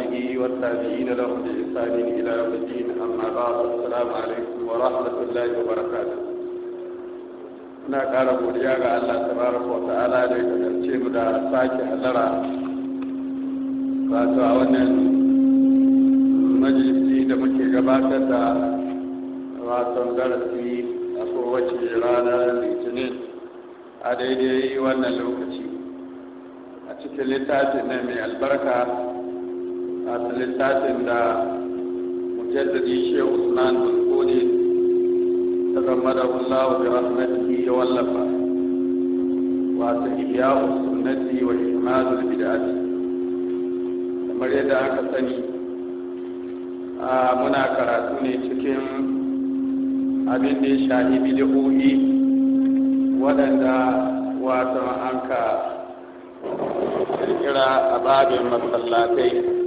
آله والتابعين لهم بإحسان إلى يوم الدين أما بعد السلام عليكم ورحمة الله وبركاته ina ƙara godiya ga Allah tabaraka wa ta'ala da ya kasance mu da sake halara wato a wannan majalisi da muke gabatar da wato darasi a kowace ranar litinin a daidai wannan lokaci a cikin littafin na mai albarka masu littafin da mujaddadi shehu usman bin kone ta zama da wallawa bi rahmatihi ya wallafa wato ihya'u sunnati wa ihmadul bid'ati kamar yadda aka sani muna karatu ne cikin abin da ya shahi bid'o'i waɗanda wato an ka kirkira a babin masallatai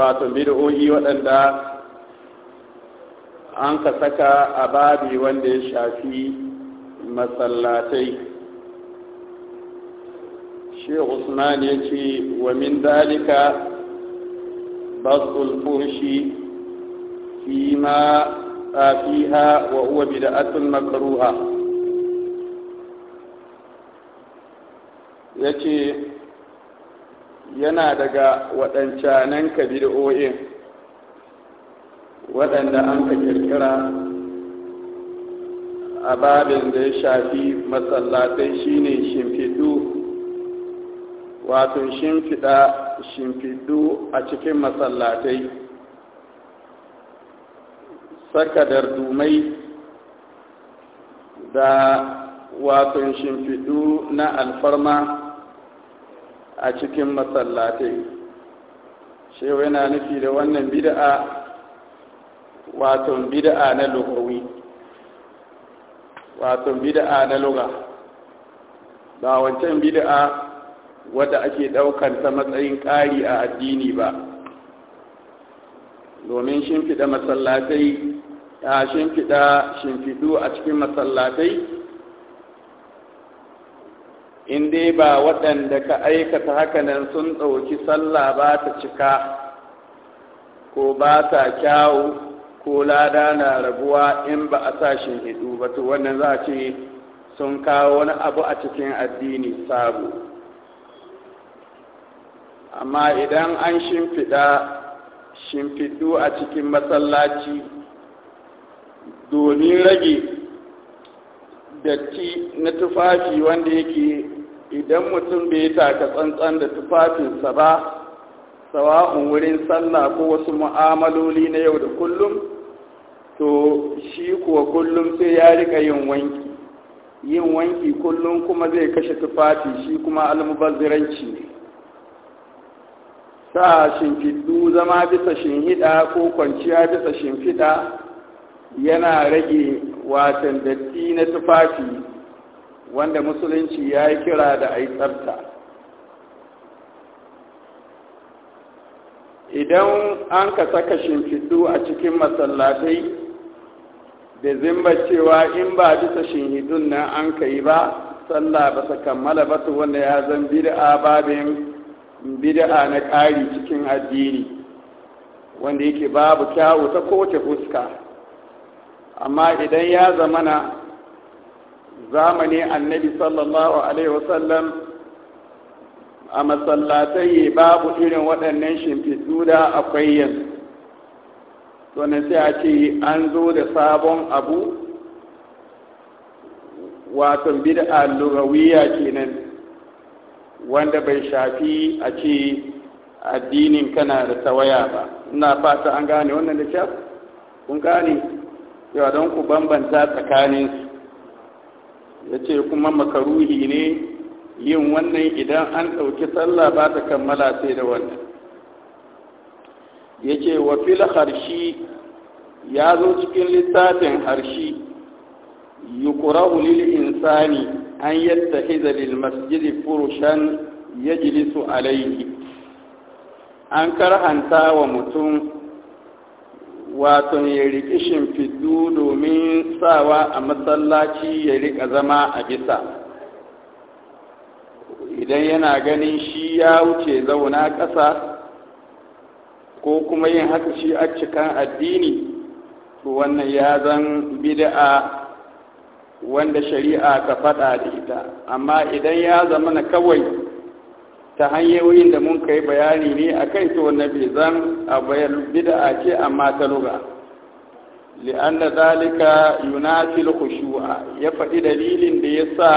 wato bid'o'i waɗanda an ka saka a babi wanda ya shafi masallatai shi usman ya ce wa min dalika basul furshi fi ma fiha wa huwa bid'atun makruha yace yana daga waɗancanen kabida'o'in waɗanda an ka kirkira a babin da ya shafi masallatai shine shimfidu wato shimfiɗa shimfidu a cikin masallatai saka dumai da wato shimfidu na alfarma a cikin masallatai shewa yana nufi da wannan bid'a wato bid'a na lugawi wato bid'a na luga ba wancan bid'a wadda ake daukar ta matsayin ƙari a addini ba domin shimfiɗa masallatai ya shimfiɗa shimfiɗu a cikin masallatai in dai ba waɗanda ka aikata hakanan sun ɗauki sallah ba ta cika ko ba ta kyawu ko lada na rabuwa in ba a sashin hidu ba to wannan za a ce sun kawo wani abu a cikin addini sabo amma idan an shimfiɗa shimfiɗu a cikin masallaci domin rage datti na tufafi wanda yake idan mutum bai taka tsantsan da tufafinsa ba sawa'un wurin sallah ko wasu mu'amaloli na yau da kullum to shi kuwa kullum sai ya rika yin wanki yin wanki kullum kuma zai kashe tufafi shi kuma almubazziranci ne sa shimfiddu zama bisa shinhiɗa ko kwanciya bisa shimfiɗa yana rage watan datti na tufafi wanda musulunci ya yi kira da a yi tsabta idan an ka saka shimfiɗu a cikin masallatai da zimba cewa in ba bisa shimfiɗun nan an ka yi ba sallah ba ta kammala ba su wanda ya zan bid'a babin bid'a na ƙari cikin addini wanda yake babu kyawu ta kowace fuska amma idan ya zamana zamani annabi sallallahu alaihi wasallam a masallatai babu irin waɗannan shimfiɗu da akwai yanzu to na sai a ce an zo da sabon abu wato bid'a lugawiya kenan wanda bai shafi a ce addinin kana da tawaya ba ina fata an gane wannan da kyau kun gane yawa don ku bambanta tsakaninsu ya ce kuma makaruhi ne yin wannan idan an ɗauki sallah ba ta kammala sai da wannan ya ce wa fil harshi ya zo cikin littafin harshi yukurahu lil insani an yadda hizalil masjidi furushan ya jilisu alaihi an karhanta wa mutum wato ya riƙi shimfiɗu domin sawa a masallaci ya riƙa zama a bisa idan yana ganin shi ya wuce zauna ƙasa ko kuma yin haka shi a cikin addini to wannan ya zan bida'a wanda shari'a ka faɗa da ita amma idan ya zama na kawai ta hanyoyin da mun kai bayani ne a kai to nabi zan a bayan bid'a ce amma ta luga li'anna zalika yunatil khushu'a ya faɗi dalilin da ya sa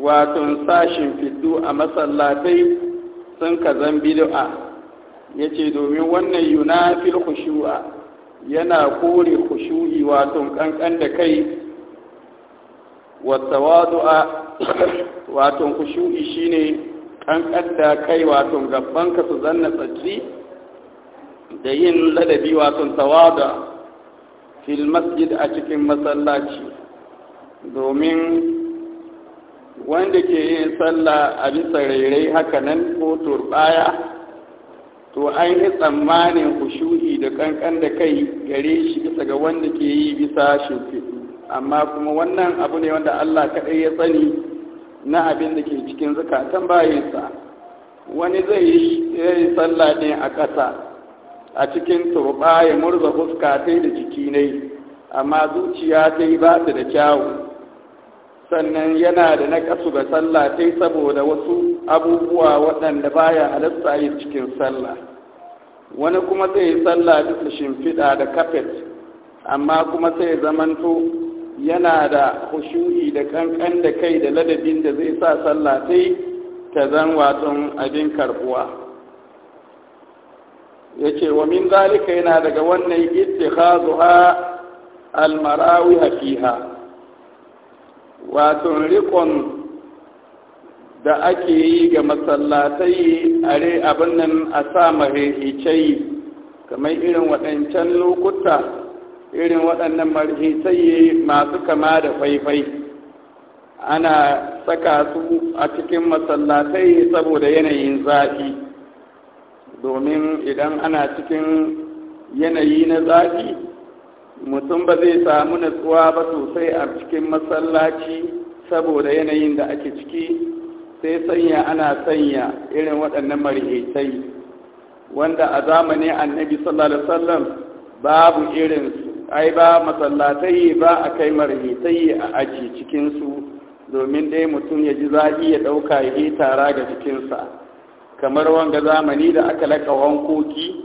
watan sashin fiddu a masallatai sun ka zan bida'a ya ce domin wannan yunatil khushu'a yana kore khushu'i watan kankan da kai wata a wato khushu'i shine an ƙadda kai wato gabanka su zanna tsaki da yin ladabi wato tawada fil masjid a cikin masallaci domin wanda ke yin sallah a bisa rairai hakanan ko turbaya to an yi tsammanin kushuhi da kankan da kai gare shi bisa ga wanda ke yi bisa shimfiɗu amma kuma wannan abu ne wanda Allah kaɗai ya sani na abin da ke cikin zukatan bayinsa wani zai yi sallah ne a ƙasa a cikin turba ya murza fuska ta da jiki ne amma zuciya ta yi ba ta da kyawu sannan yana da na kasu ga sallah ta saboda wasu abubuwa waɗanda baya halatta yi cikin sallah wani kuma zai yi sallah da shimfiɗa da kafet amma kuma sai zamanto yana da khushu'i da kankan da kai da ladabin da zai sa sallah sai ta zan waton abin karbuwa ya ce wa min zalika yana daga wannan ittikhazuha almarawi fiha wato rikon da ake yi ga masallatai are abin nan a sa mahihicai kamar irin waɗancan lokuta irin waɗannan marhisai masu kama da faifai ana saka su a cikin masallatai saboda yanayin zafi domin idan ana cikin yanayi na zafi mutum ba zai samu natsuwa ba sosai a cikin masallaci saboda yanayin da ake ciki sai sanya ana sanya irin waɗannan marhisai wanda a zamanin annabi sallallahu alaihi wasallam babu irinsu ai ba masallatai ba a kai marhitai a aji cikinsu domin dai mutum ya ji zabi ya ɗauka ya yi tara ga jikinsa kamar wanga zamani da aka laƙa wankoki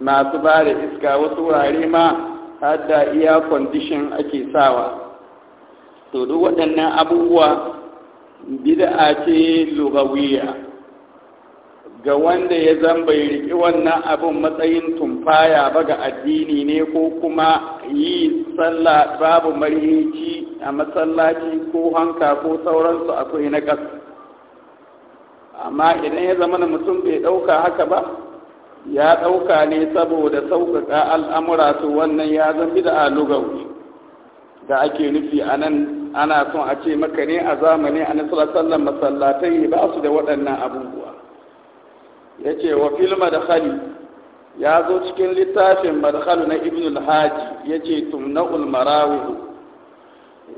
masu ba da iska wasu wurare ma har da iya kwandishin ake sawa to duk waɗannan abubuwa bid'a ce lugawiya ga wanda ya zamba bai riƙi wannan abin matsayin tumfaya ba ga addini ne ko kuma yi sallah babu marihici a masallaci ko hanka ko sauransu akwai na ƙasa amma idan ya zama mutum bai ɗauka haka ba ya ɗauka ne saboda sauƙaƙa al'amura su wannan ya zambi da a da ake nufi a nan ana son a ce maka ne a zamani a nasarar sallar masallatai ba su da waɗannan abubuwa ya ce wa fil madkhali ya zo cikin littafin madkhalu na ibn al-haji ya ce tumna'ul marawih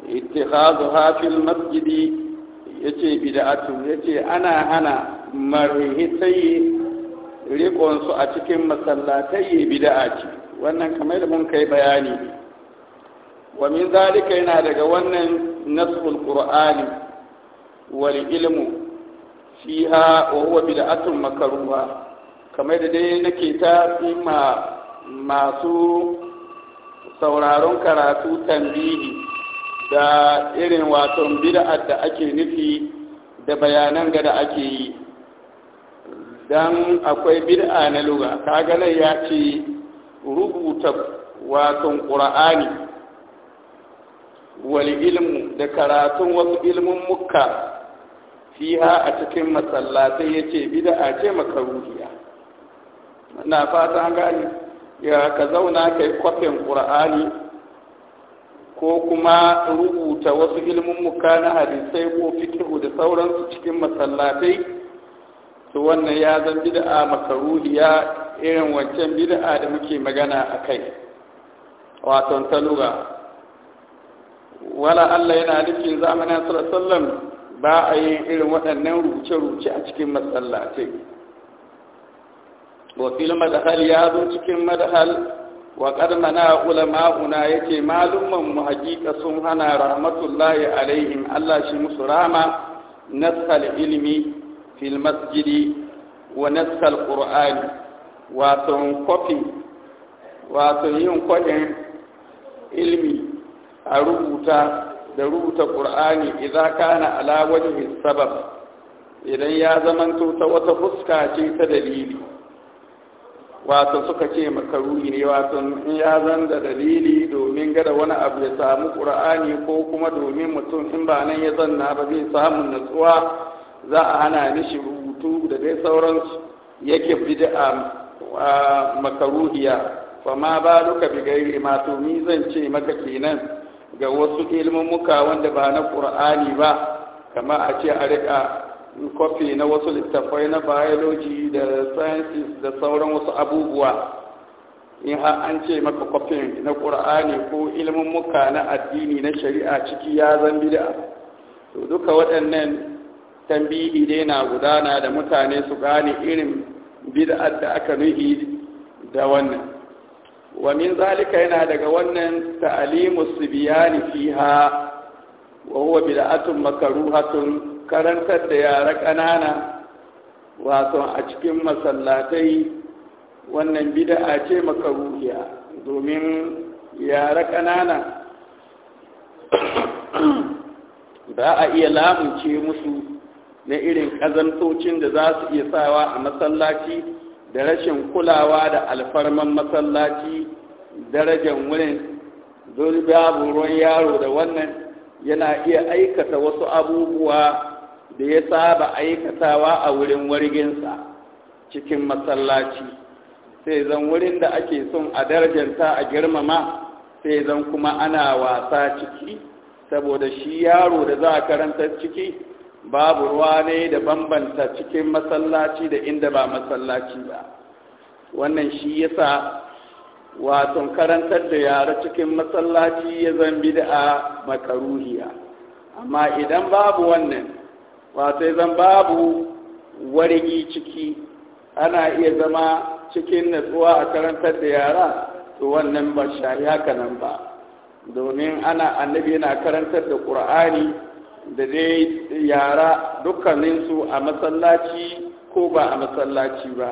ittikhadha fil masjidi ya ce bid'atu ya ce ana hana marhitai rikon su a cikin masallatai bid'a ce wannan kamar da mun kai bayani wa min zalika yana daga wannan nasul qur'ani wal ilmu fiha wa huwa bid'atun makruha kamar da dai nake ta tsima masu sauraron karatu tambihi da irin wato bid'ar da ake nufi da bayanan ga da ake yi dan akwai bid'a na luga kaga nan ya ce rubuta wato qur'ani wal ilmu da karatun wasu ilmun mukka fiha a cikin masallatai yace bid'a ce makaruhiya na fata an gani ya ka zauna kai kwafin ƙur'ani? ko kuma rubuta wasu muka na hadisai ko fikihu da sauransu cikin masallatai to wannan ya zan bid'a makaruhiya irin wancan bid'a da muke magana a kai waton taluga wala Allah yana nufin zamanin sallallahu ba a yi irin waɗannan rubuce-rubuce a cikin matsalatai wakilin madahal ya zo cikin madahal wa ƙarmana ulama'una ya ce malumman mu hakika sun hana rahmatullahi alaihim allah shi musu rama nassal ilimi fil masjidi wa nassal ƙur'ani wasan kofi wasan yin kwaɗin ilmi a rubuta da rubuta ƙur'ani idza kana ala wajhi sabab idan ya zamanto ta wata fuska ce ta dalili wato suka ce makaruni ne wato in ya zan da dalili domin gada wani abu ya samu ƙur'ani ko kuma domin mutum in ba nan ya zanna ba zai samu natsuwa za a hana mishi rubutu da dai sauransu yake bid'a makaruhiya fa ma baluka bi gairi ma to ni zan ce maka kenan ga wasu ilmummuka wanda ba na ƙur'ani ba kama a ce a rika kofi na wasu littafai na biology da sciences da sauran wasu abubuwa in ha an ce maka kwafin na ƙur'ani ko ilmummuka na addini na shari'a ciki ya zan bida to duka waɗannan tambihi dai na gudana da mutane su gane irin bi da aka nuhi da wannan wa min zalika yana daga wannan ta'alimu sibiyani fiha wa huwa bid'atun makruhatun karantar da yara ƙanana wato a cikin masallatai wannan bid'a ce makruhiya domin yara ƙanana ba a iya lamunce musu na irin ƙazantocin da za su iya sawa a masallaci da rashin kulawa da alfarman masallaci darajar wurin babu ruwan yaro da wannan yana iya aikata wasu abubuwa da ya saba aikatawa a wurin warginsa cikin masallaci sai zan wurin da ake son a darajarta a girmama sai zan kuma ana wasa ciki saboda shi yaro da za a karanta ciki babu ruwa ne da bambanta cikin masallaci da inda ba masallaci ba wannan shi yasa waton karantar da yara cikin masallaci ya zan bid'a makaruhiya amma idan babu wannan wato zan babu wargi ciki ana iya zama cikin natsuwa a karantar da yara to wannan ba shari'a kanan ba domin ana annabi yana karantar da ƙur'ani da dai yara dukkaninsu a masallaci ko ba a masallaci ba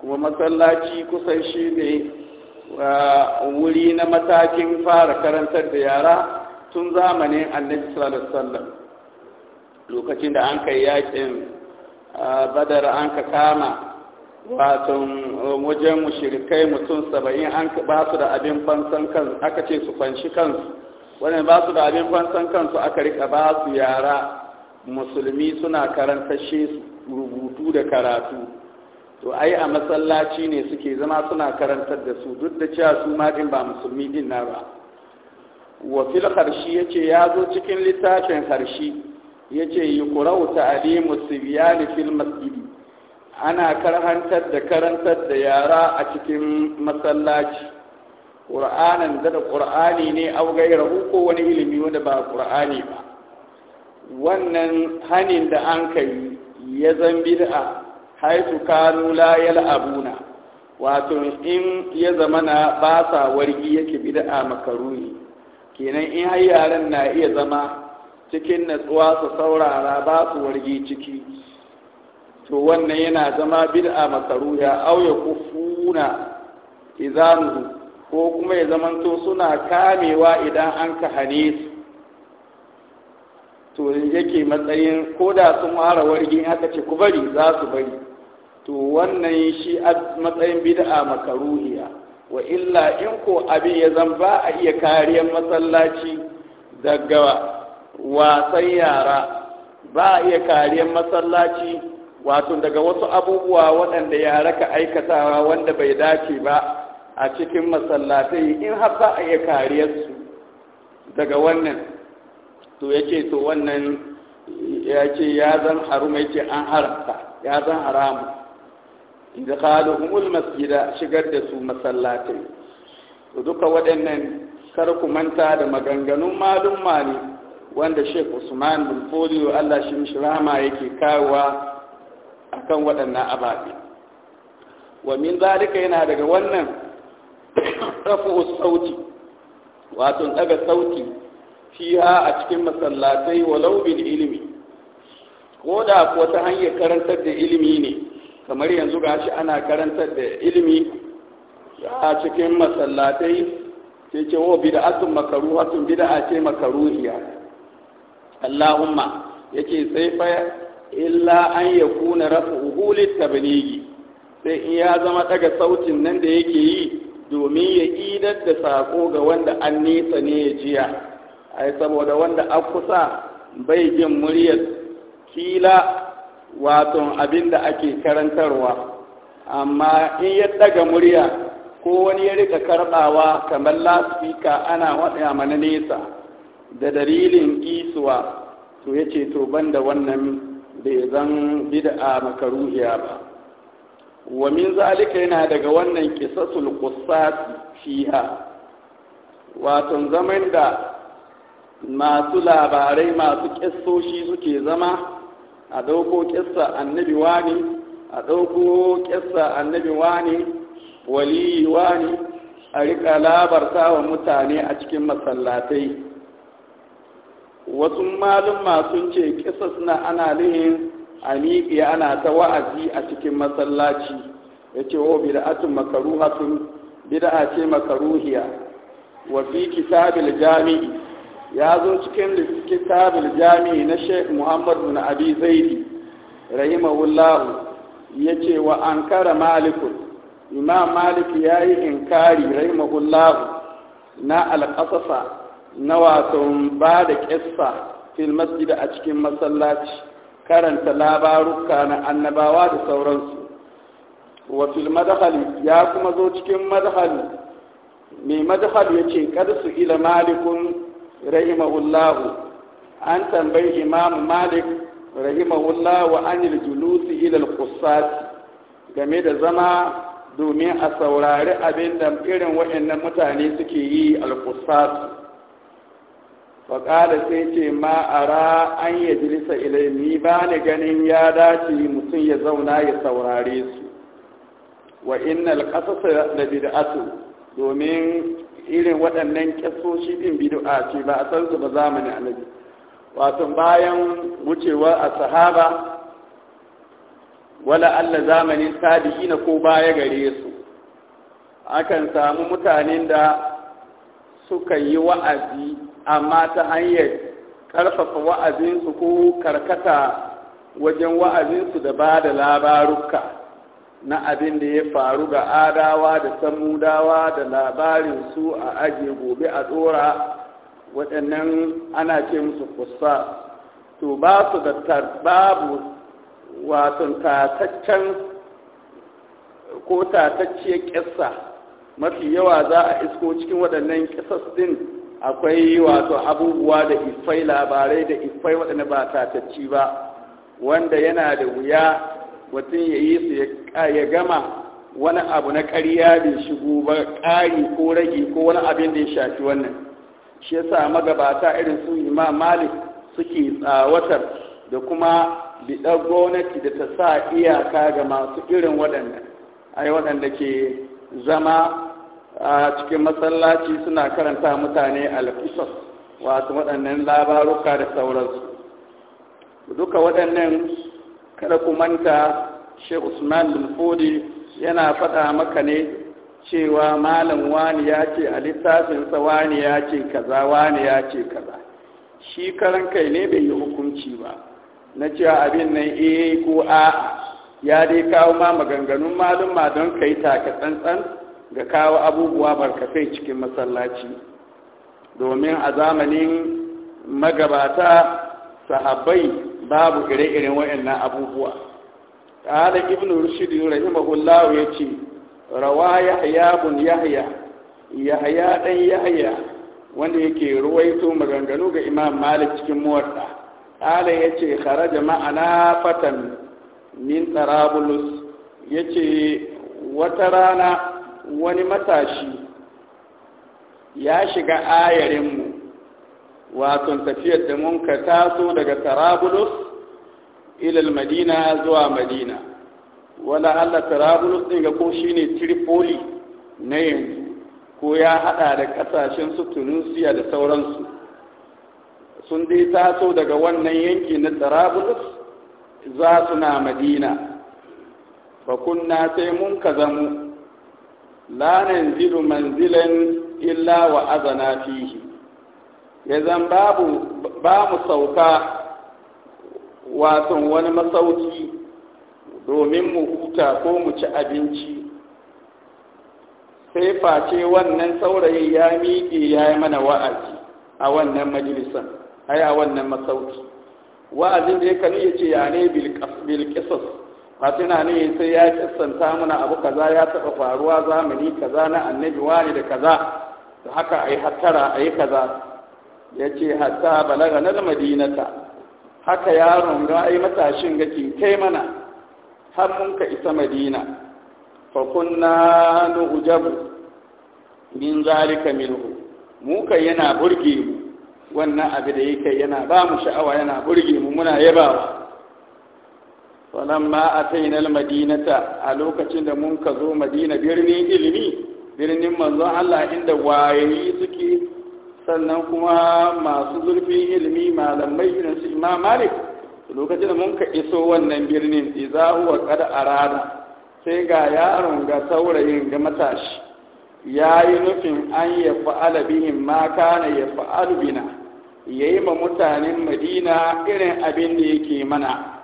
kuma masallaci kusan shi ne wuri na matakin fara karantar da yara tun zamanin annabi sallallahu alaihi lokacin da an kai yakin badar an ka kama watan wajen mushirikai mutum saba'in an ba su da abin fansan kan aka ce su fanshi kansu wannan ba su da abin fansan kansu aka rika ba su yara musulmi suna karantashe rubutu da karatu to ai a masallaci ne suke zama suna karantar da su duk da cewa su ma din ba musulmi din na ba wa fil harshi yace ya zo cikin littafin harshi yace yuqra'u ta'limu sibyan fil masjidi ana karhantar da karantar da yara a cikin masallaci ƙur'anan da ƙur'ani ne au gairahu ko wani ilimi wanda ba ƙur'ani ba wannan hanin da an kai ya zan bid'a haitu kanu la yal'abuna wato in ya zamana ba sa wargi yake bid'a makaruni kenan in har yaran na iya zama cikin natsuwa su saurara ba su wargi ciki to wannan yana zama bid'a makaruya au ya kufuna izanuhu ko kuma ya zamanto suna kamewa idan an ka hane su to yake matsayin ko da sun fara wargin aka ce ku bari za su bari to wannan shi a matsayin bid'a makaruhiya wa illa in ko abin ya zan ba a iya kariyar masallaci daga wasan yara ba a iya kariyar masallaci wato daga wasu abubuwa waɗanda yara ka aikatawa wanda bai dace ba a cikin masallatai in har za a iya kariyarsu daga wannan to ya ce to wannan ya ce ya zan haru mai ce an haramta ya zan haramu da umul masjida shigar da su masallatai to duka waɗannan kar ku manta da maganganun malum mali wanda sheikh usman bin foliyo allah shi mishi rahama yake kawowa akan waɗannan ababe wa min zalika yana daga wannan rafu sauti wato daga sauti fiha a cikin masallatai walau bil ilimi ko da ko ta hanyar karantar da ilimi ne kamar yanzu gashi ana karantar da ilimi a cikin masallatai sai ce wa bid'atun makruhatun bid'a ce makruhiya Allahumma yake sai fa illa an ya kuna rafa tabligi sai in ya zama daga sautin nan da yake yi domin ya idar da sako ga wanda an nesa ne ya jiya ai saboda wanda an kusa bai jin muryar kila waton abin da ake karantarwa amma in ya daga murya ko wani ya rika karɓawa kamar lasfika ana waɗa mana nesa da dalilin isuwa to ya ce to ban da wannan bai zan bida a makaruhiya ba wa min zalika yana daga wannan kisasul qussat fiha wato zaman da masu labarai masu kissoshi suke zama a dauko kissa annabi wani a dauko kissa annabi wani waliyi wani a rika labarta wa mutane a cikin masallatai wasu malum sun ce kisas na ana lihin a miƙe ana ta wa'azi a cikin masallaci ya ce wa oh, bid'atun makaruhatun bid'a ce makaruhiya wa fi kitabil jami'i ya zo cikin kitabil jami'i na Sheikh Muhammad bin Abi Zaidi rahimahullah ya ce wa ankara malik imam malik ya yi inkari rahimahullah na alƙasasa na wasan ba da ƙissa fil masjid a cikin masallaci karanta labaruka na annabawa da sauransu wafil fil ya kuma zo cikin madhali mai madhali yace kad su ila malikun rahimahullahu an tambayi imam malik rahimahullahu an yi julusi ila al game da zama domin a saurari abin da irin waɗannan mutane suke yi al faƙada sai ce ma ara an ya jilisa ba ni ganin ya dace mutum ya zauna ya saurare su wa innal qasasa da bid'atu domin irin waɗannan ƙasoshi ɗin bid'a ce ba a san su ba zamanin annabi wato bayan wucewa a sahaba wala Allah zamanin tabi'ina ko baya gare su akan samu mutanen da suka yi wa'azi amma ta hanyar ƙarfafa wa'azinsu ko karkata wajen wa'azinsu da ba da labaruka na abin da ya faru ga adawa da samudawa da labarinsu a ajiye gobe a tsora waɗannan ana ce musu kusa to ba su da babu wato tataccen ko tatacciyar ƙisa mafi yawa za a isko cikin waɗannan ƙisas ɗin akwai wato abubuwa da iffai labarai da ifai waɗanda ba tatacci ba wanda yana da wuya mutum ya yi su ya gama wani abu na ƙarya bai shigo ba ƙari ko rage ko wani abin da ya shafi wannan shi ya yasa magabata irin su imam malik suke tsawatar da kuma biɗar gwamnati da ta sa iyaka ga masu irin waɗanda ai waɗanda ke zama a cikin masallaci suna karanta mutane alkisar wasu waɗannan labaruka da sauransu duka waɗannan kada ku manta shek usman bin yana faɗa maka ne cewa malam wani ya ce a littafinsa wani ya ce kaza wani ya ce kaza shi karan kai ne bai yi hukunci ba na cewa abin nan eh ko a'a ya dai kawo ma maganganun malumma don kai take tsantsan ga kawo abubuwa barkatai cikin masallaci domin a zamanin magabata sahabbai babu ire-iren waɗannan abubuwa قال ibnu رشد rahimahullahu yace يتي روى يحيى بن yahya يحيى ɗan wanda yake ruwaito maganganu ga imam malik cikin muwadda ƙala ya ce kharaja ma'ana fatan min tarabulus ya ce wata rana wani matashi ya shiga ayarinmu wato tafiyar da mun ka taso daga tarabulus ilal madina zuwa madina wala allah tarabulus ɗin ga ko shine tripoli na yanzu ko ya hada da ƙasashen su tunisia da sauransu sun dai taso daga wannan yanki na tarabulus za su na madina fa kunna sai mun ka zamu la nanzilu manzilan illa wa azana fihi ya zan babu ba mu sauka waton wani masauki domin mu huta ko mu ci abinci sai face wannan saurayi ya miƙe ya yi mana wa'azi a wannan majalisar ai a wannan masauki wa'azin da ya kan iya ce ya ne bilkisas a tuna ne sai ya kissanta mana abu kaza ya taɓa faruwa zamani kaza na annabi wani da kaza da haka a yi hattara a kaza ya ce hatta balaga na madinata haka yaron ga ai matashin gaki kai mana har mun ka isa madina fa kunna nu'jabu min zalika minhu mu kai yana burge mu wannan abu da yake yana ba mu sha'awa yana burge mu muna yabawa falamma ataina almadinata a lokacin da mun ka zo madina birnin ilimi birnin manzon Allah inda wayayi suke sannan kuma masu zurfin ilimi malamai irin su Imam Malik lokacin da mun ka iso wannan birnin iza huwa a rana, sai ga yaron ga saurayin ga matashi yayi nufin an ya fa'ala bihim ma kana ya fa'alu bina yayi ma mutanen Madina irin abin da yake mana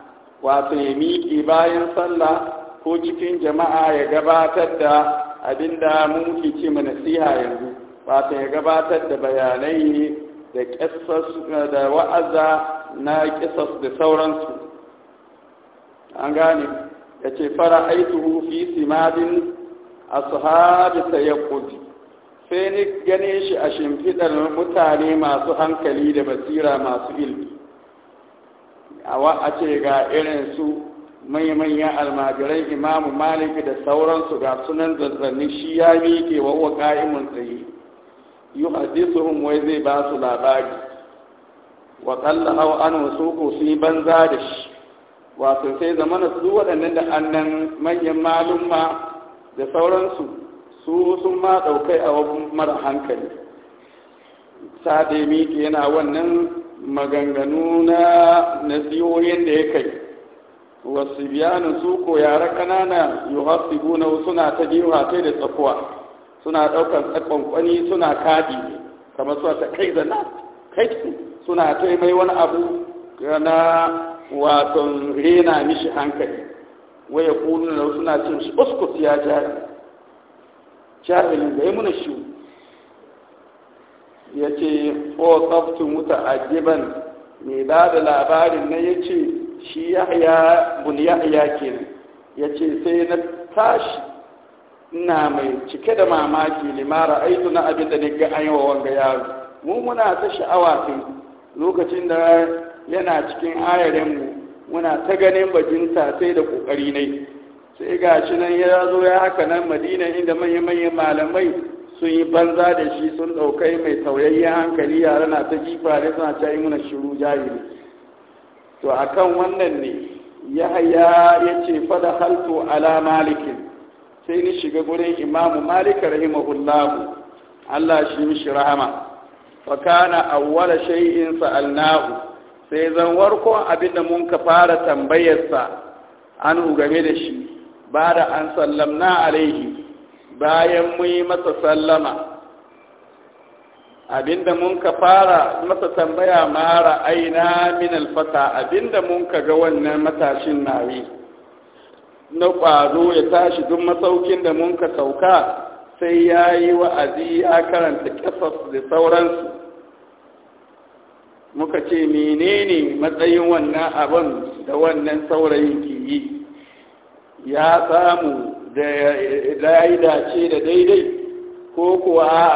wato ya miƙe bayan sallah ko cikin jama'a ya gabatar da abin da mun ke ce ma nasiha yanzu wato ya gabatar da bayanai ne da da wa'aza na kisas da sauransu an gane ya ce fara aituhu fi simadin ashabi tayaqqud sai ni gane shi a shimfidar mutane masu hankali da basira masu ilmi a ce ga irin su manya manya almajirai imamu maliki da sauransu ga sunan zanzanni shi ya miƙe wa wa ƙa'imun tsaye yi hun wai zai ba su labari wa tsalla hau an wasu ko su yi banza da shi wato sai zamana su waɗannan da annan manyan malumma da sauransu su sun ma ɗaukai a mara hankali sa da miƙe yana wannan maganganu na nasiyoyin da ya kai wasu biyanin su ko yara ƙanana yuhasibu na suna ta jiwa ta da tsakuwa suna ɗaukar tsakon kwani suna kaɗi kamar su ta kai da na kai suna ta mai wani abu na waton rena mishi hankali waya kunu na suna cin shi uskus ya jari jahilin da ya muna shi ya ce o a muta'ajiban mai ba da labarin na ya ce shi haya bun a kenan ya ce sai na tashi ina mai cike da mamaki limara aitu na abin da nika an yi wa wanga yaro mu muna ta sha'awa tun lokacin da yana cikin ayarinmu muna ta ganin bajinta sai da kokari ne sai ga shi nan ya zo ya haka nan madina inda manya-manyan malamai sun yi banza da shi sun ɗaukai mai sauyayyen hankali yara na ta jifa ne suna ta muna shiru jahili to kan wannan ne haya ya ce fada halto ala malikin sai ni shiga gurin imamu malika rahimahullahu Allah shi mishi rahama fa kana awwala shay'in sa'alnahu sai zan abin da mun ka fara tambayarsa an game da shi ba da an sallamna alaihi bayan mu yi masa sallama abinda mun ka fara masa tambaya mara aina min alfata abinda mun ka ga wannan matashin nayi na ƙwazo ya tashi duk masaukin da mun ka sauka sai ya yi wa'azi ya karanta ƙasas da sauransu muka ce menene matsayin wannan abin da wannan saurayin ke yi ya samu da ya yi dace da daidai ko kuwa a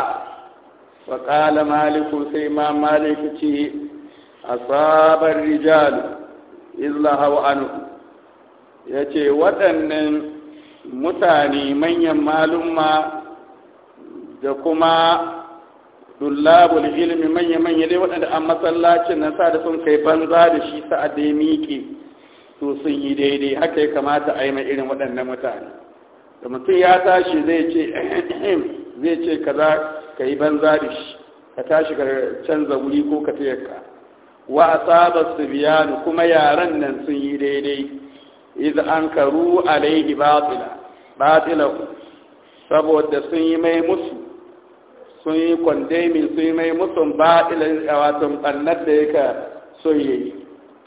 faƙala maliku sai ma maliku ce a sabar rijalu hau anhu ya ce waɗannan mutane manyan malumma da kuma dullabul ilmi manya-manya dai waɗanda an masallacin na sa da sun kai banza da shi sa'ad da miƙe to sun yi daidai haka ya kamata a yi mai irin waɗannan mutane da mutum ya tashi zai ce zai ce za ka yi banza da shi ka tashi ka canza wuri ko ka ka wa asaba sibyanu kuma yaran nan sun yi daidai an karu a laihi batila batila saboda sun yi mai musu sun yi kwandemin sun yi mai batila a watan ɓannar da yaka so yi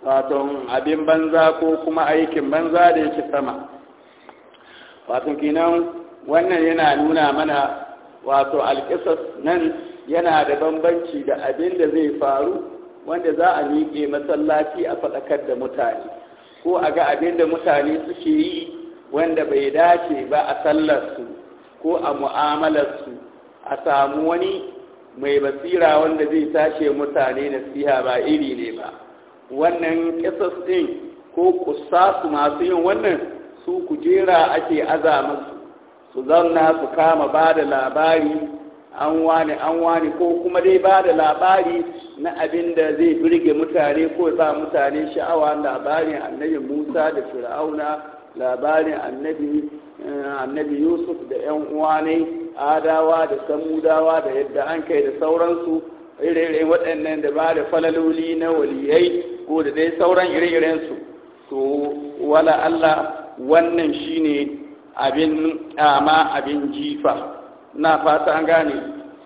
wato abin banza ko kuma aikin banza da yake sama wato kenan wannan yana nuna mana wato alƙisas nan yana da bambanci da abin da zai faru wanda za a miƙe masallaci a faɗakar da mutane ko a ga abin da mutane suke yi wanda bai dace ba a sallarsu ko a mu'amalarsu a samu wani mai basira wanda zai tashe mutane nasiha ba iri ne ba wannan ƙisas ɗin ko kusa su masu yin wannan su kujera ake aza musu su zanna su kama ba da labari an wani an wani ko kuma dai ba da labari na abin da zai birge mutane ko ba mutane sha'awa labarin annabi musa da fir'auna labarin annabi eh, annabi yusuf da yan uwane adawa da samudawa da yadda an kai da sauransu ire-iren waɗannan da ba da falaloli na waliyai ko da dai sauran ire-irensu to wala allah wannan shine abin ama abin jifa na fata an gane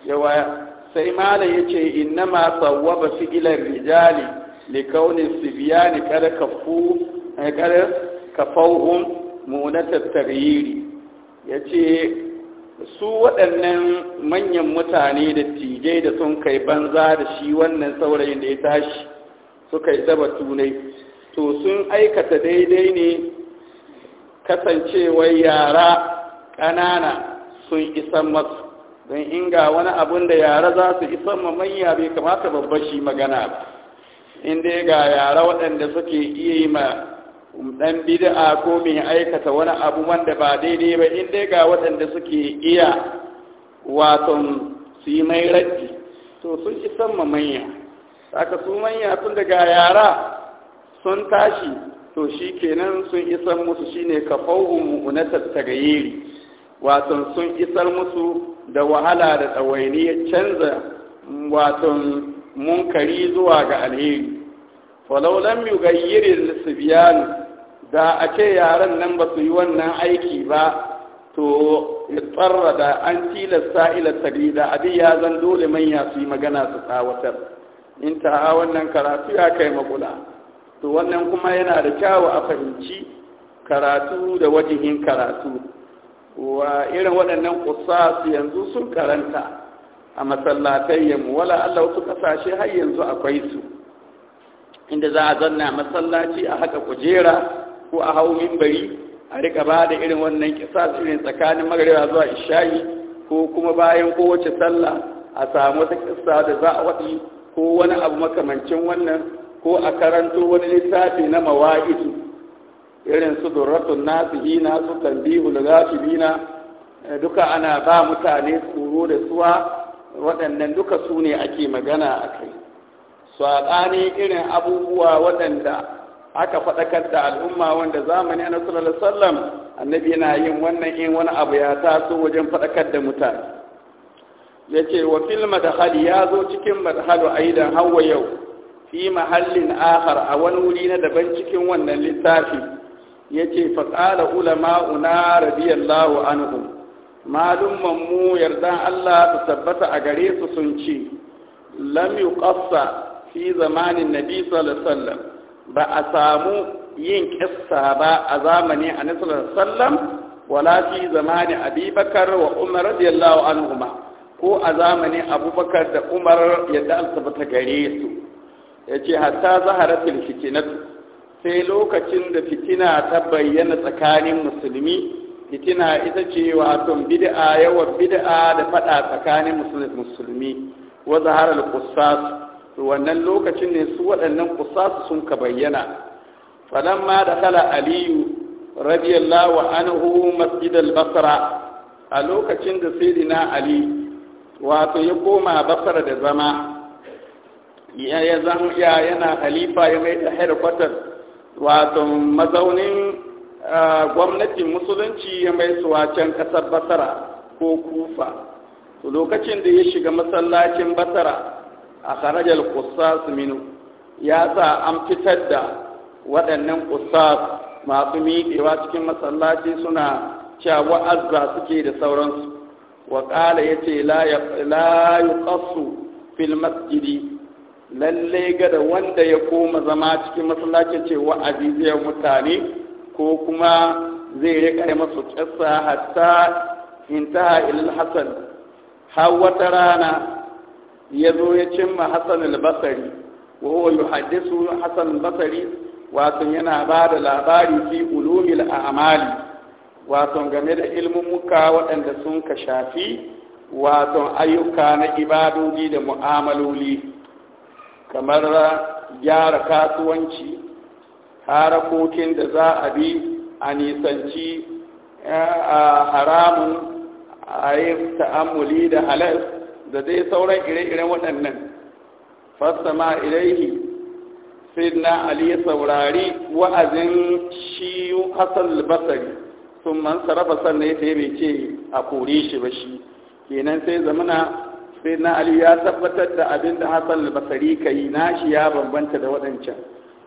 yawa sai malam yace ma sawwaba fi'lan rijali likaunin sibiyani kada kafu eh, kada kafauhum munatat Ya yace su waɗannan manyan mutane da tije da sun kai banza da shi wannan saurayin da ya tashi suka yi zaba tunai to sun aikata daidai ne kasancewar yara ƙanana sun isan masu don inga wani abun da yara za su isan ma manya bai kamata babba shi magana ba inda ga yara waɗanda suke iya yi ma ɗan bid'a ko mai aikata wani abu wanda ba daidai ba inda ga waɗanda suke iya waton su yi mai raddi to sun isan ma manya su manya tun daga yara sun tashi to shi kenan sun isar musu shine kafauhum mu'unatat tagayiri wato sun isar musu da wahala da tsawaini ya canza wato munkari zuwa ga alheri falau lam su lisbiyanu da a ce yaren nan ba su yi wannan aiki ba to tsarra da an tilasta ilatari da abin ya zan dole manya su yi magana su tsawatar in ta wannan karatu ya kai magula to wannan kuma yana da kyawu a fahimci karatu da wajihin karatu wa irin waɗannan ƙusas yanzu sun karanta a mu. wala Allah wasu ƙasashe har yanzu akwai su inda za a zanna masallaci a haka kujera ko a hau mimbari a rika ba da irin wannan ƙisas irin tsakanin magariba zuwa ishayi ko kuma bayan kowace sallah a samu wata ƙisa da za a waɗi ko wani abu makamancin wannan ko a karanto wani littafi na mawa'izu irin su durratun na su tambihu da na, eh, duka ana ba mutane tsoro da suwa waɗannan duka su ne ake magana a kai saɓani irin abubuwa waɗanda aka faɗakar da al'umma wanda zamani a nasarar sallam annabi yana yin wannan in wani abu ya taso wajen faɗakar da mutane ya ce wa fil hali ya zo cikin yi aidan hawa yau fi mahallin ahar a wani wuri na daban cikin wannan littafi yace fa qala ulama'una radiyallahu anhum malumman mu yarda Allah su tabbata a gare su sun ce lam yuqassa fi zamanin nabi sallallahu alaihi wasallam ba a samu yin kissa ba a zamani a sallallahu alaihi wala fi zamani abubakar wa umar radiyallahu anhuma ko a zamani abubakar da umar yadda al ta gare su ya ce hatta zaharatul fitinatu sai lokacin da fitina ta bayyana tsakanin musulmi fitina ita ce wato bid'a yawan bid'a da fada tsakanin musulmi wa zaharar kusas wannan lokacin ne su waɗannan kusas sun ka bayyana ma da kala aliyu radiyallahu anhu masjid basra a lokacin da sayyidina ali wato ya koma basra da zama ya zan ya yana khalifa ya mai da headquarter wato mazaunin gwamnatin musulunci ya mai su kasar basara ko kufa to lokacin da ya shiga masallacin basara a kharajar kusas minu ya sa an fitar da waɗannan kusas masu miƙewa cikin masallaci suna cewa wa'azza suke da sauransu wa ƙala ya ce la yi fil masjidi lalle gada wanda ya koma zama cikin masallacin ce wa'azi zai mutane ko kuma zai rika yi masu ƙasa hatta intaha ilal hasan har wata rana ya zo ya cimma hasan albasari basari wa huwa yuhaddisu hasan albasari wato yana ba da labari fi ulumil a'mali wato game da ilmumuka waɗanda sun ka shafi wato ayyuka na ibadodi da mu'amaloli kamar gyara kasuwanci harakokin da za a bi a nisanci eh, a haramun a yi ta'amuli da halal da dai sauran ire-iren waɗannan fassama ilaihi sidna ali ya saurari wa'azin shi hassan basari sun man sarrafa sannan ya ce a kore shi ba shi kenan sai zamana sai na ali ya tabbatar da abin da hassan albasari ka yi nashi ya bambanta da waɗancan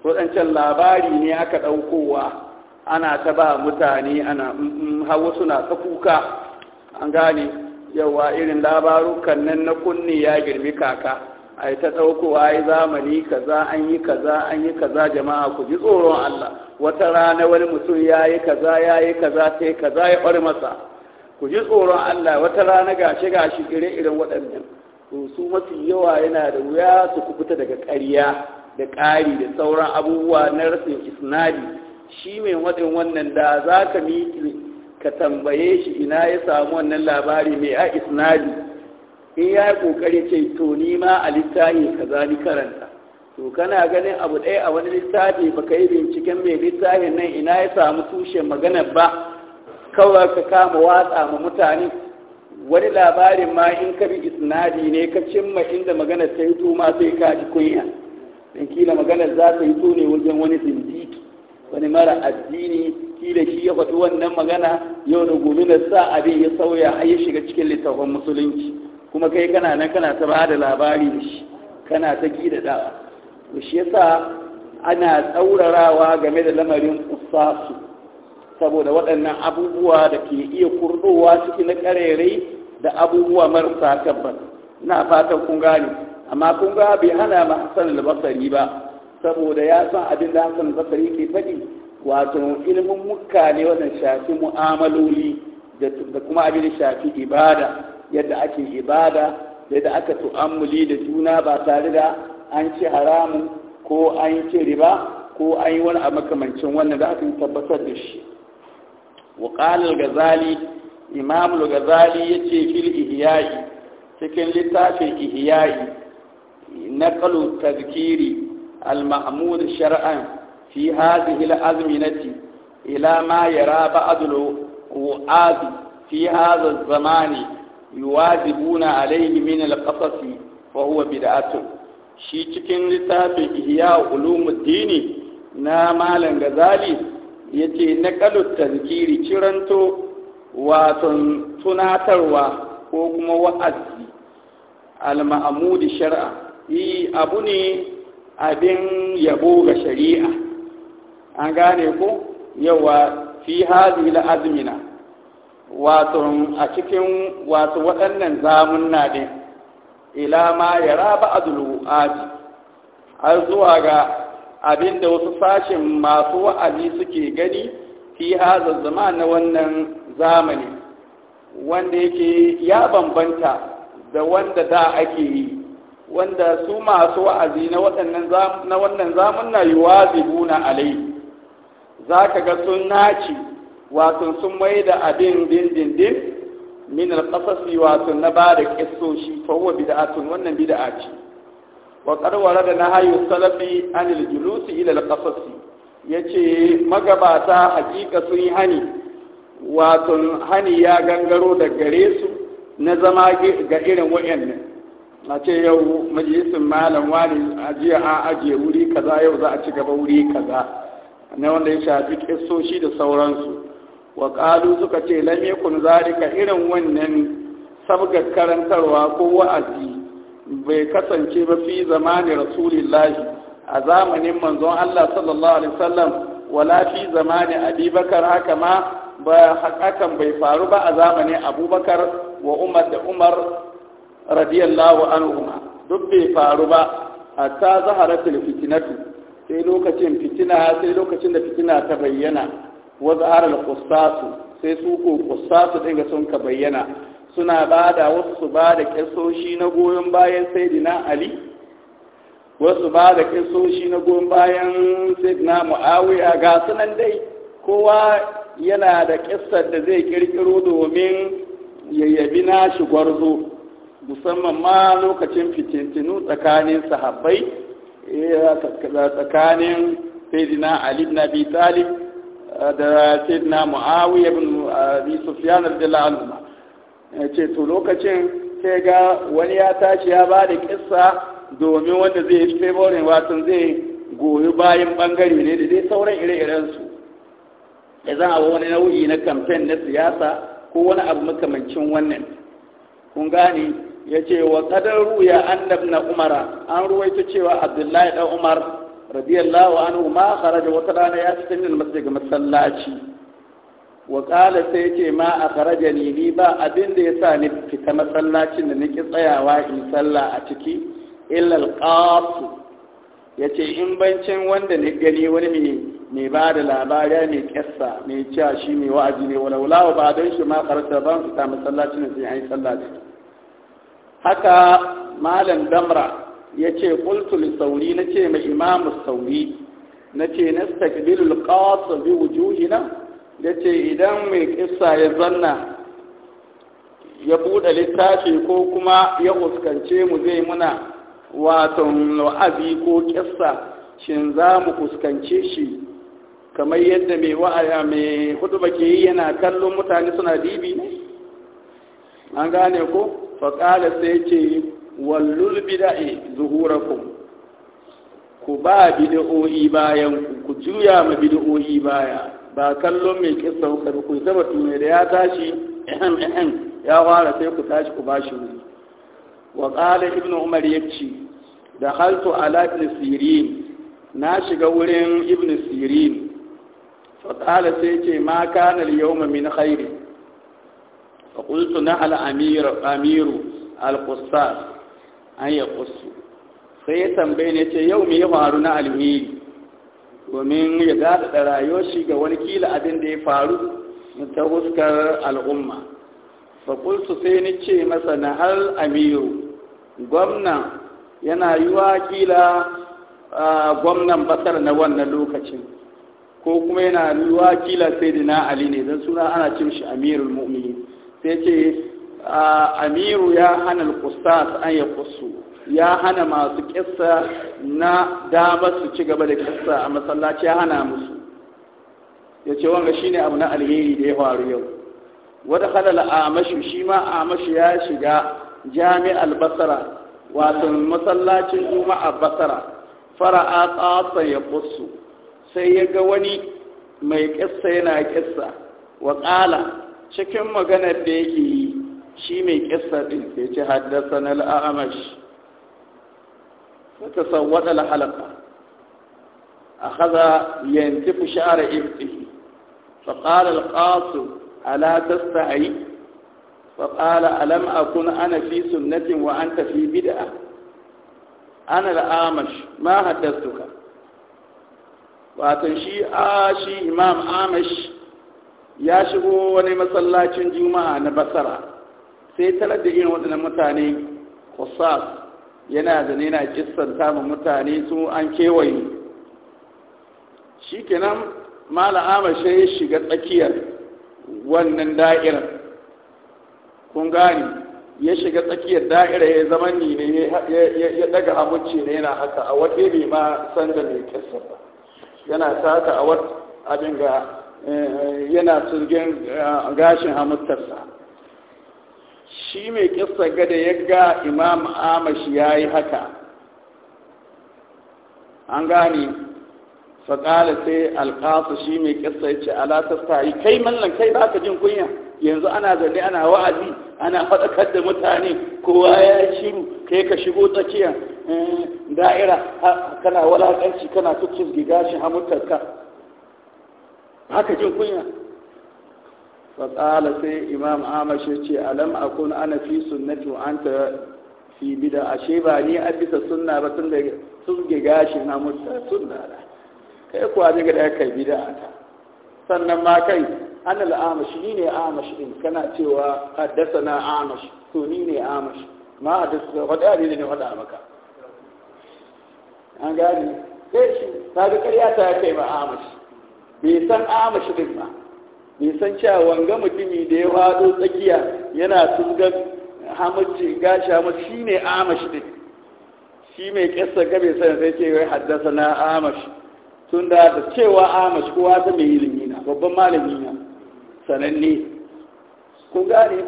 waɗancan labari ne aka ɗaukowa ana ta ba mutane ana mm, mm, hawa suna ta kuka an gane yawa irin labarukan nan na kunne ya girmi kaka a yi ta ɗaukowa ai zamani kaza an yi kaza an yi kaza jama'a ku ji tsoron allah wata rana wani mutum ya yi kaza ya yi kaza sai kaza ya ɓar masa ku ji tsoron Allah wata rana gashi gashi ire-iren waɗannan to su mafi yawa yana da wuya su kubuta daga ƙarya da ƙari da sauran abubuwa na rasin isnadi shi mai waɗin wannan da za ka miƙi ka tambaye shi ina ya samu wannan labari mai a isnadi in ya yi ƙoƙari ce to ni ma a littafi ka za ni karanta to kana ganin abu ɗaya a wani littafi ba ka yi binciken mai littafin nan ina ya samu tushen maganar ba kawai ka kama watsa ma mutane wani labarin ma in ka bi isnadi ne ka cimma inda magana ta hito ma sai ka ji kunya in kila magana za ta hito ne wajen wani zindiki wani mara addini kila shi ya faɗi wannan magana yau da gobe na sa abin ya sauya har ya shiga cikin littafin musulunci kuma kai kana nan kana ta bada labari da shi kana ta gida da to shi yasa ana tsaurarawa game da lamarin usasu saboda waɗannan abubuwa da ke iya kurɗowa ciki na ƙarerai da abubuwa marasa tabbas na fatan kun gane amma kun ga bai hana ma Hassan al-Basri ba saboda ya san abin da Hassan al-Basri ke faɗi wato ilimin mukka ne wannan shafi mu'amaloli da kuma abin da shafi ibada yadda ake ibada yadda aka tu'ammuli da juna ba tare da an ci haramun ko an ci riba ko an yi wani a makamancin wannan da aka tabbatar da shi wa qala al-ghazali imam al-ghazali yace fil cikin littafin ihya'i naqalu tadhkiri al-mahmud shar'an fi hadhihi al-azminati ila ma yara ba'd al-wa'ad fi hadha az-zamani yuwajibuna alayhi min al-qasas fa huwa bid'atun shi cikin littafin ihya ulumuddini na malam gazali yace na tazkiri ciranto waton tunatarwa ko kuma wa'azi al-ma'mudi shar'a yi abu ne abin yabo ga shari'a an gane ko yawa fi hadhihi azmina wato a cikin wato waɗannan zamunna din ila ma yara ba'dul aji har zuwa ga abinda wasu sashen masu wa'azi suke gani fi zazzama zama na wannan zamani wanda yake ya bambanta da wanda da ake yi wanda su masu wa'azi na wannan zamun na yi wazibuna alai za ka ga sun naci wato sun mai da abin dindindin min alƙasasi wato na ba da ƙasoshi fa huwa bida'atun wannan bida'a ce wa karwara da haihu salafi anil julusi ila yace magabata hakika sun yi hani wato hani ya gangaro da gare su na zama ga irin wayannan a ce yau majalisin malam wani ajiya a ajiye wuri kaza yau za a ci gaba wuri kaza na wanda ya shafi kistoshi da sauransu wa ƙalu suka ce lam yakun irin wannan sabgar karantarwa ko wa'azi bai kasance ba fi zamani rasulillahi a zamanin manzon Allah sallallahu alaihi wasallam wala fi zamani abubakar haka ma ba hakan bai faru ba a zamanin abubakar wa umar da umar radiyallahu anhuma duk bai faru ba hatta zaharatul fitinatu. sai lokacin fitina sai lokacin da fitina ta bayyana wa zaharal sai su ko qussas dinga sun ka bayyana suna bada wasu su da kisoshi na goyon bayan saidina ali wasu ba da kisoshi na goyon bayan saidina muawiya ga sunan dai kowa yana da kisar da zai kirkiro domin yayyabi na shi gwarzo musamman ma lokacin fitintinu tsakanin sahabbai eh, tsakanin saidina ali na bitali eh, da saidina muawiya bin abi sufyan radiyallahu anhu ce to lokacin sai ga wani ya tashi ya ba da kissa domin wanda zai yi favorin watan zai goyi bayan bangare ne da dai sauran ire-irensu ya zan abu wani nau'i na kamfen na siyasa ko wani abu makamancin wannan kun gane ya ce wa kadar ruya annab na umara an ruwaito cewa abdullahi dan umar radiyallahu anhu ma kharaja wata rana ya fita min masjid masallaci wa kala sai ce ma a faraja ni ni ba abin da ya sa ni fita masallacin da nake tsayawa in sallah a ciki illal qasu ya ce in bancin wanda ni gani wani mai ba da labari mai kessa mai cewa shi mai wa'azi ne wala wala ba don shi ma karanta ban fita masallacin da sai an yi sallah haka malam damra yace ce li sauri nace ce mai imamu sauri na ce nastaqbilul bi wujuhina ya ce idan mai kissa ya zanna ya buɗe littafi ko kuma ya fuskance mu zai muna waton wa'azi ko kissa shin za mu fuskance shi kamar yadda mai wa'aya mai ba ke yi yana kallon mutane suna dibi ne an gane ko faƙala sai ce wallul bida'i zuhurakum ku ba bidi'o'i bayan ku juya ma bid'o'i baya ba kallon mai kisa kuka ba ku zama tuni da ya tashi ehem ehem ya fara sai ku tashi ku bashi wuri wa qala ibn umar yace dakhaltu ala ibn sirin na shiga wurin ibn sirin fa qala sai ce ma kana al yawma min khairi fa qultu na al amir amiru al qussas an yaqussu sai ya tambaye ne ce yau me ya faru na alheri domin ya daɗaɗa rayuwar shi ga wani kila abin da ya faru ta huskar al'umma faƙulsu sai ni ce masa na hal amiru gwamna yana yi wa kila gwamnan basar na wannan lokacin ko kuma yana yi wa kila sai dina ali ne don suna ana cin shi amirul mu'mini sai ce amiru ya hana al an ya kusu ya hana masu kissa na dama su ci gaba da kissa a masallaci ya hana musu ya ce wanga ne abu na alheri da ya faru yau wata halal mashi shi ma mashi ya shiga jami'al basara wato masallacin kuma a basara fara'a tsatsa ya kusu sai ya ga wani mai kissa yana kissa wa ƙala cikin maganar da yake yi shi mai kissa ɗin ya ce haddasa na al'amashi وتصوت الحلقة أخذ ينتف شعر إبته فقال القاص ألا تستعي فقال ألم أكن أنا في سنة وأنت في بدعة أنا الآمش ما حدثتك واتنشي آشي إمام آمش ya shigo wani masallacin juma'a na basara sai talar da irin waɗannan mutane kusas yana da nena kissan samun mutane su an kewaye shi kenan mala'ama shi ya shiga tsakiyar wannan da'irar kun gani ya shiga tsakiyar da'irar ya zama ni ne ya daga amince ne yana haka a wata ne ma san mai kisa ba yana sata a wata abin ga eh, yana surgin eh, gashin hamuttarsa shi mai kissa gada ya ga imam amashi ya yi haka an gane faƙala sai alƙasa shi mai kissa ya ce ta yi kai mallan kai ba ka jin kunya yanzu ana zane ana wa'azi ana faɗakar da mutane kowa ya shiru kai ka shigo tsakiyar eh, da'ira kana walaƙanci kana tukin gigashin hamutarka haka jin kunya faƙala sai imam amash ce alam akun ana fi sunnati wa anta fi bida ashe ba ni a bisa sunna ba tun da sun ga gashin na mutta sunna da kai kuwa ne ga da kai bida ta sannan ma kai an al'amash ni ne amash din kana cewa haddasa na amash to ni ne amash ma haddasa wadda ne ne wadda maka an gani sai shi ta ga karya ta kai ba amash bai san amash din ba nisan san cewa wanga mutumi da ya wado tsakiya yana tungan hamaci gashi hamaci shi ne amashi ne shi mai kessa gabe sai sai ke yi haddasa na amashi tun da da cewa amashi kowa ta mai ilimi na babban malami na sananne ku gane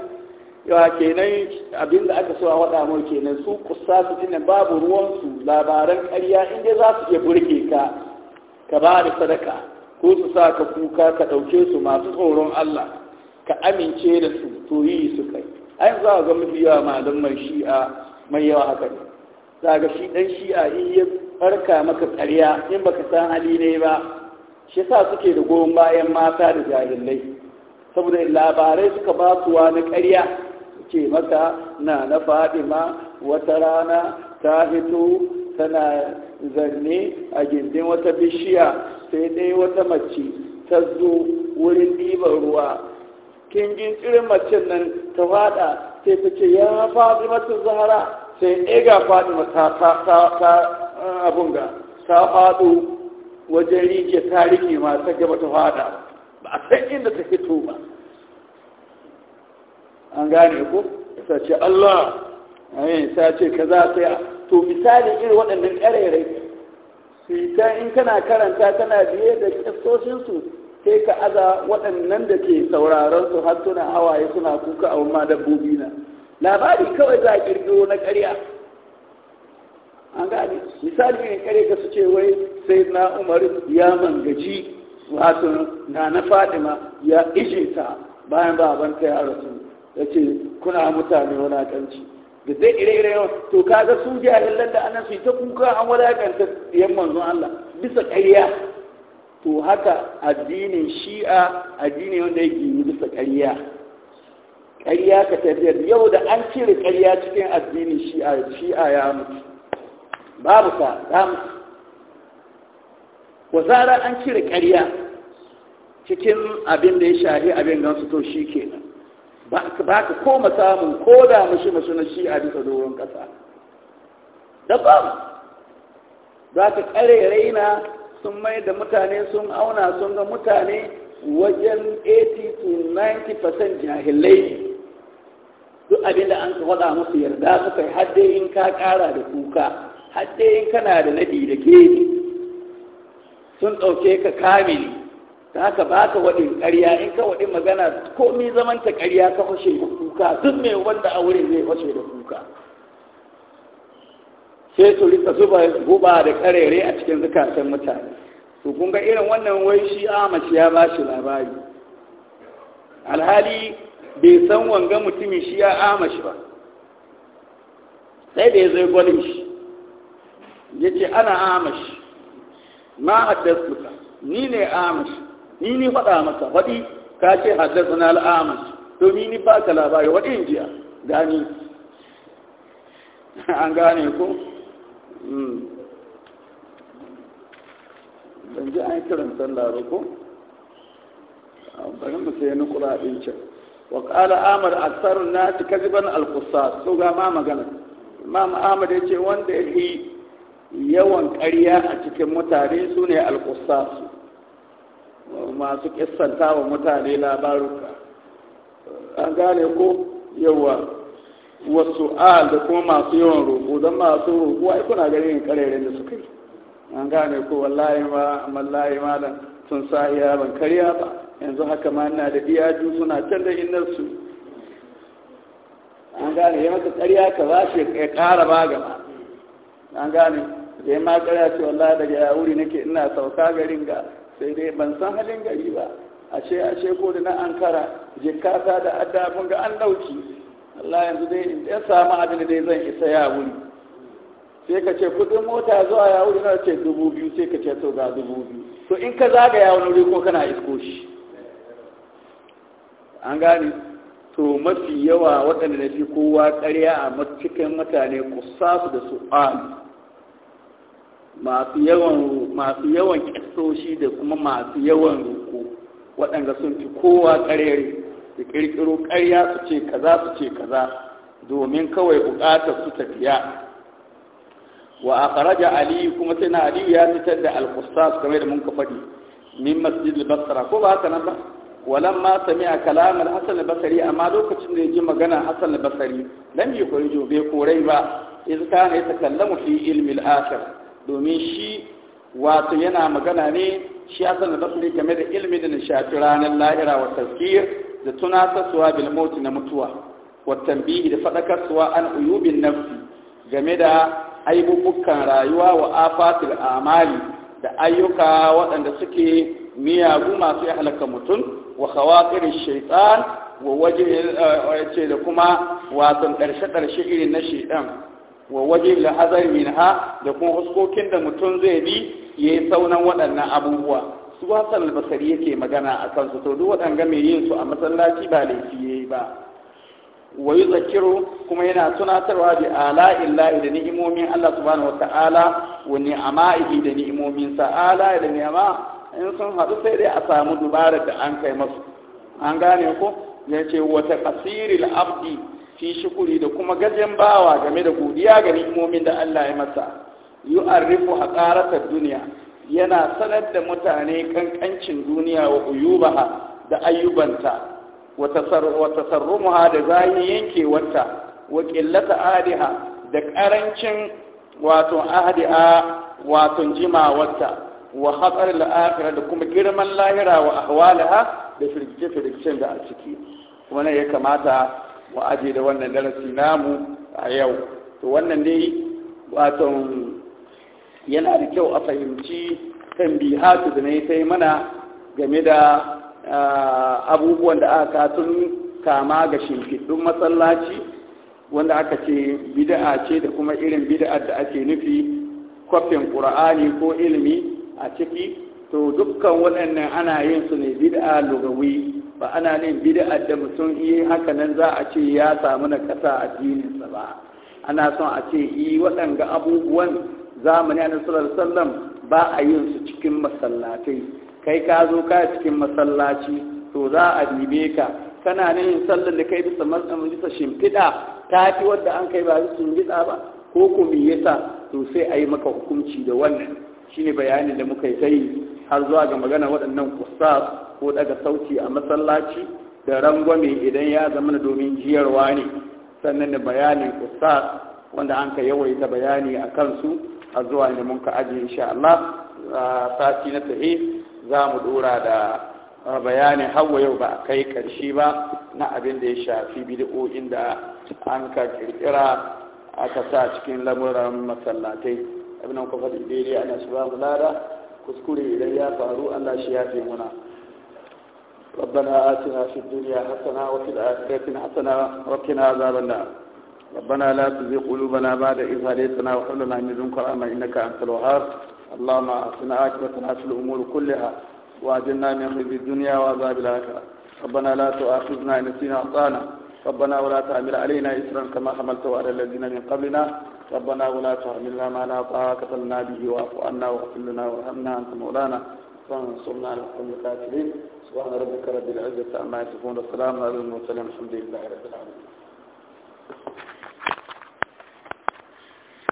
yawa kenan abinda aka so a waɗa mai kenan su kusa su tunan babu ruwansu labaran ƙarya inda za su iya burge ka ka ba da sadaka ko su sa ka kuka ka ɗauke su masu tsoron Allah ka amince da su to yi su kai ai za ga mafi yawa mai shi'a mai yawa haka ne za ga shi ɗan shi'a in ya farka maka ƙarya in baka san hali ne ba shi sa suke da goyon bayan mata da jahilai saboda labarai suka basuwa na ƙarya ke maka na na fadima wata rana ta fito. tana zanne a gindin wata bishiya sai dai wata mace ta zo wurin ɗiban ruwa kingin tsirin macen nan ta fada sai ta ce ya faɗi mata zahara sai ɗaya eh, ga faɗi mata ta abun ga ta faɗo wajen rike ta rike ma ta gaba ta fada ba a san inda ta fito ba an gane ku? ta ce Allah ta ce ka za sai to misali irin waɗannan ƙarerai su yi ta in kana karanta tana biye da kistoshinsu sai ka aza waɗannan da ke sauraron su har suna hawaye suna kuka a wamma dabbobi na labari kawai za a ƙirƙiro na ƙarya an gani misali irin ƙarya ka su ce wai sai na umar ya mangaji wato na na fadima ya ishe ta bayan babanta ya rasu ya ce kuna mutane wani ƙanci da zai ire-ire yau to kaga su a da ana su ta kuka an wadatanta yan manzon Allah bisa ƙarya to haka addinin shi'a addini wanda yake yi bisa ƙarya ƙarya ka tafiyar yau da an cire ƙarya cikin addinin shi'a shi'a ya mutu babu ka ta mutu zara an cire ƙarya cikin abin da ya shahi abin gansu to shi kenan ba ka koma samun ko da mashi mashi na shi a bisa doron ƙasa daban za ka ƙare raina sun mai da mutane sun auna sun ga mutane wajen 80-90% jahilai duk abinda an ka faɗa musu yarda suka yi hadde in ka ƙara da kuka hadde in kana da naɗi da ke sun ɗauke ka kamili ta haka ba ka waɗin ƙarya in ka waɗin magana komi zaman ta ƙarya ka fashe da kuka duk mai wanda a wurin zai fashe da kuka sai su rika zuba guba da ƙarere a cikin zukatan mutane to kun ga irin wannan wai shi amaci ya ba shi labari alhali bai san wanga mutumin shi ya amashi ba sai da ya zai gwalin shi ya ce ana amashi ma a ni ne amashi ni ni faɗa maka waɗi ka ce haddasa na al'amus to ni ni ba ka labari waɗi in jiya gani an gane ko hmm. ban ji an kiran sallah ba ko bari mu sai ni ɗin can wa ƙala a tsarin na ta kaziban alkusa so ga ma magana imam ahmad ya ce wanda ya yi yawan ƙarya a cikin mutane su ne alkusa su masu kissanta wa mutane labaruka an gane ko yawa wasu al da kuma masu yawan roƙo don masu roƙo ai kuna ganin karerin da suka yi an gane ko wallahi ma wallahi ma da sun sa iya ban karya ba yanzu haka ma ina da iyaju suna can da innarsu an gane ya masa karya ka za shi ya ƙara ba gaba an gane da ya ma karya ce wallahi daga wuri nake ina sauka garin ga sai dai ban san halin gari ba ashe ashe ko da na ankara jikata da adda ga an dauki Allah yanzu dai in ya samu abin da zan isa ya wuri sai ka ce kudin mota zuwa ya wuri na ce dubu biyu sai ka ce to ga dubu biyu to in ka zagaya wani wuri ko kana isko shi an gane to mafi yawa waɗanda na fi kowa ƙarya a cikin mutane kusa su da su masu yawan masu yawan kisoshi da kuma masu yawan ruku waɗanda sun fi kowa ƙarere su ƙirƙiro ƙarya su ce kaza su ce kaza domin kawai buƙatar su tafiya wa akhraja ali kuma sai na ali ya fitar da al su kamar da mun ka faɗi min masjid basara, basra ko ba haka nan ba ma sami a kalamar hasan da basari, amma lokacin da ya ji magana hasan basari, nan lam yukhrijo jobe korai ba iz kana yatakallamu fi ilmi al-akhir domin shi wato yana magana ne shi su ne game da ilmi da nishafi ranar lahira wa tazkir da tunatarsuwa bil mauti na mutuwa wa tambihi da fadakarsuwa an uyubin nafsi game da aibubukan rayuwa wa afatil amali da ayyuka waɗanda suke miyagu masu ya halaka mutum wa khawatirin shaitan wa waje eh, ce da kuma wasan ƙarshe-ƙarshe irin na shaitan wa waje min minha da kuma huskokin da mutum zai bi ya yi saunan waɗannan abubuwa su wasan albasari yake magana a kansu to duk waɗanga mai yin su a masallaci ba laifi ya yi ba wa yi zakiru kuma yana tunatarwa da ala illahi da ni'imomin allah subhanahu wa ta'ala wa ni'ama'ihi da ni'imomin sa ala da ni'ama in sun haɗu sai dai a samu dubarar da an kai masu an gane ko ya ce wata kasiril abdi fi shukuri da kuma gajen bawa game da godiya ga ni'imomin da Allah ya masa a karatar duniya yana sanar da mutane kankancin duniya wa uyubaha da ayyubanta wa tasarrumuha da zahi yankewarta wa qillata adiha da karancin wato ahdiha wato jimawarta wa khatar al-akhirah da kuma girman lahira wa ahwalaha da firgice-firgicen da a ciki wannan ya kamata mu aje da wannan darasi namu a yau to wannan dai waton yana da kyau a fahimci kan tambihatu da ne sai mana game da abubuwan da aka tun kama ga shimfiɗin masallaci wanda aka ce bid'a ce da kuma irin bid'a da ake nufi kwafin ƙura'ani ko ilimi a ciki to dukkan waɗannan ana yin su ne bid'a lugawi ba ana nin bid'a da mutum yi haka nan za a ce ya samu na kasa a dininsa ba ana son a ce yi waɗanga abubuwan zamani na sallallahu sallam ba a yin su cikin masallatai kai ka zo ka cikin masallaci to za a dibe ka kana ne yin sallar da kai bisa matsayin bisa shimfiɗa ta fi wadda an kai ba bisa shimfiɗa ba ko ko me yasa to sai a yi maka hukunci da wannan shine bayanin da muka yi har zuwa ga magana waɗannan kusa. ko daga sauti a masallaci da rangwame idan ya zama na domin jiyarwa ne sannan da bayanin kusa wanda an ka yawaita bayani a kansu a zuwa ne mun ka aji insha Allah sati na tahi za mu dora da bayanin hawa yau ba a kai karshe ba na abin da ya shafi bid'o'in da an ka kirkira aka sa cikin lamuran masallatai abin da kwafa daidai ana shi ba kuskure idan ya faru Allah shi ya fi muna ربنا آتنا في الدنيا حسنة وفي الآخرة حسنة وقنا عذاب النار ربنا لا تزغ قلوبنا بعد إذ هديتنا وهب لنا من لدنك رحمة إنك أنت الوهاب اللهم أحسن عاقبتنا في الأمور كلها وأجلنا من خزي الدنيا وعذاب الآخرة ربنا لا تؤاخذنا إن نسينا أعطانا ربنا ولا تحمل علينا إسرا كما حملته على الذين من قبلنا ربنا ولا تحملنا ما لا طاقة لنا به واعف عنا واغفر لنا وارحمنا أنت مولانا فانصرنا على القوم الكافرين سبحان ربك رب العزة عما يصفون السلام على المرسلين الحمد لله رب العالمين